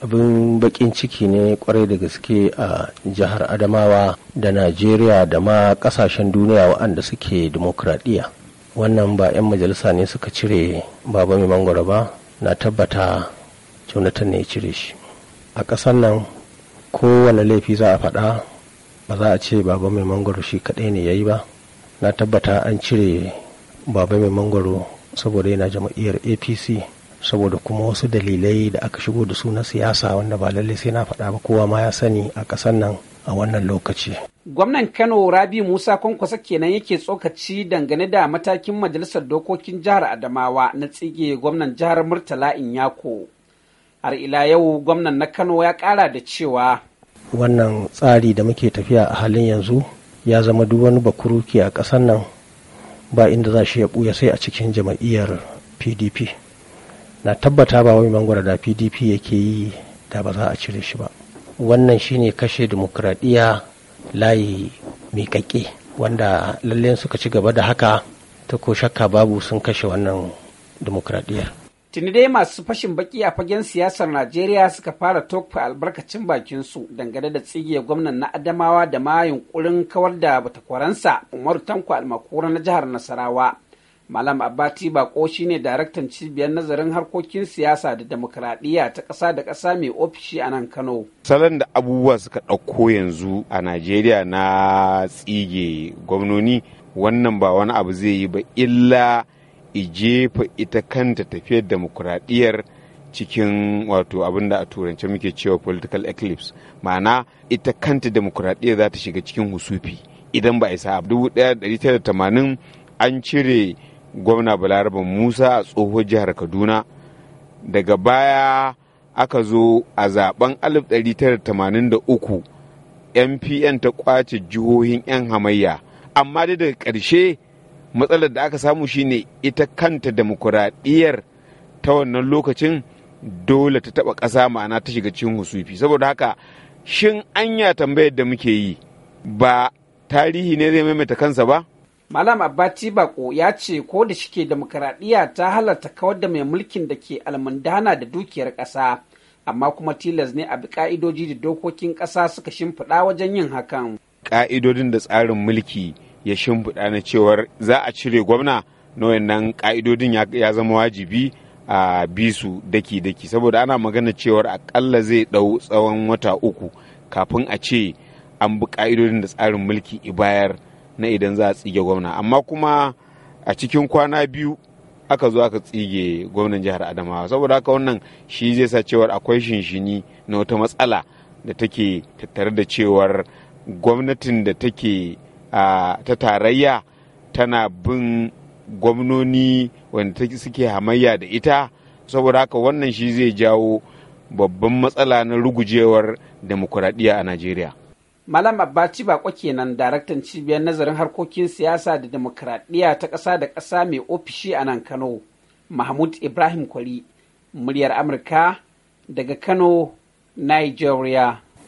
abin bakin ciki ne kwarai da gaske a jihar adamawa da najeriya da ma kasashen duniya waɗanda suke demokradiyya wannan ba 'yan majalisa ne suka cire baba mai mangoro ba na tabbata jonathan ne cire shi a ƙasar nan kowane laifi za a faɗa ba za a ce baba mai mangoro shi kaɗai ne ya yi ba na tabbata an cire baba mai mangoro saboda yana jama'iyyar apc saboda kuma wasu dalilai da aka shigo da su na siyasa wanda ba lallai sai na faɗa ba kowa ma ya sani a ƙasar nan a wannan lokaci. Gwamnan Kano Rabi Musa Kwankwasa kenan yake tsokaci dangane da matakin Majalisar Dokokin Jihar Adamawa na tsige gwamnan jihar Murtala Inyako. Har ila yau gwamnan na Kano ya ƙara da cewa. Wannan tsari da muke tafiya a halin yanzu ya zama duk wani bakuruki a ƙasar nan ba inda za shi ya ɓuya sai a cikin jama'iyyar PDP. na tabbata ba wani mangwara da pdp yake yi da ba za a cire shi ba wannan shine kashe demokradiyya layi miƙaƙe wanda lallai suka ci gaba da haka ta ko shakka babu sun kashe wannan demokradiyyar tuni dai masu fashin baki a fagen siyasar najeriya suka fara tofa albarkacin bakin dangane da tsigiyar gwamnan na adamawa da ma yunkurin kawar da batakwaransa umaru tanko almakura na jihar nasarawa Malam Abbati Bako shine daraktan cibiyar nazarin harkokin siyasa da demokradiyya ta ƙasa da ƙasa mai ofishi a nan Kano. Salon da abubuwa suka ɗauko yanzu a Najeriya na tsige gwamnoni wannan ba wani abu zai yi ba illa ijefa ita kanta tafiyar demokradiyyar cikin wato abin da a turance muke cewa political eclipse ma'ana ita kanta demokradiyyar za ta shiga cikin husufi idan ba a isa 1980 an cire gwamna balaraba musa a tsohon jihar kaduna daga baya aka zo a zaben 1983 mpn ta kwace jihohin 'yan hamayya amma dai daga ƙarshe matsalar da aka samu shine ita kanta demokuraɗiyyar ta wannan lokacin dole ta taɓa ƙasa ma'ana ta shiga cikin husufi saboda haka shin anya tambayar da muke yi ba tarihi ne zai maimaita kansa ba Malam abbati Bako ya ce ko da shike demokaradiyya ta halarta kawar da mai mulkin da ke almundana da dukiyar ƙasa, amma kuma tilas ne a bi ƙa'idoji da dokokin ƙasa suka shimfiɗa wajen yin hakan. Ƙa'idodin da tsarin mulki ya shimfiɗa na cewar za a cire gwamna na wannan ƙa'idodin ya zama wajibi a bisu daki-daki saboda ana magana cewar aƙalla zai ɗau tsawon wata uku kafin a ce an bi ƙa'idodin da tsarin mulki i bayar. na idan za a tsige gwamna amma kuma a cikin kwana biyu aka zo aka tsige gwamnan jihar adamawa saboda haka wannan shi zai sa cewar akwai shinshini na wata matsala da take tattare da cewar gwamnatin da take ta tarayya tana bin gwamnoni wanda suke hamayya da ita saboda haka wannan shi zai jawo babban matsala na rugujewar demokuraɗiyya a najeriya Malam Abbaci Bako kenan daraktan cibiyar nazarin harkokin siyasa da demokradiyya ta ƙasa da ƙasa mai ofishi a nan Kano, Mahmud Ibrahim Kwari, muryar Amurka daga Kano, Nigeria.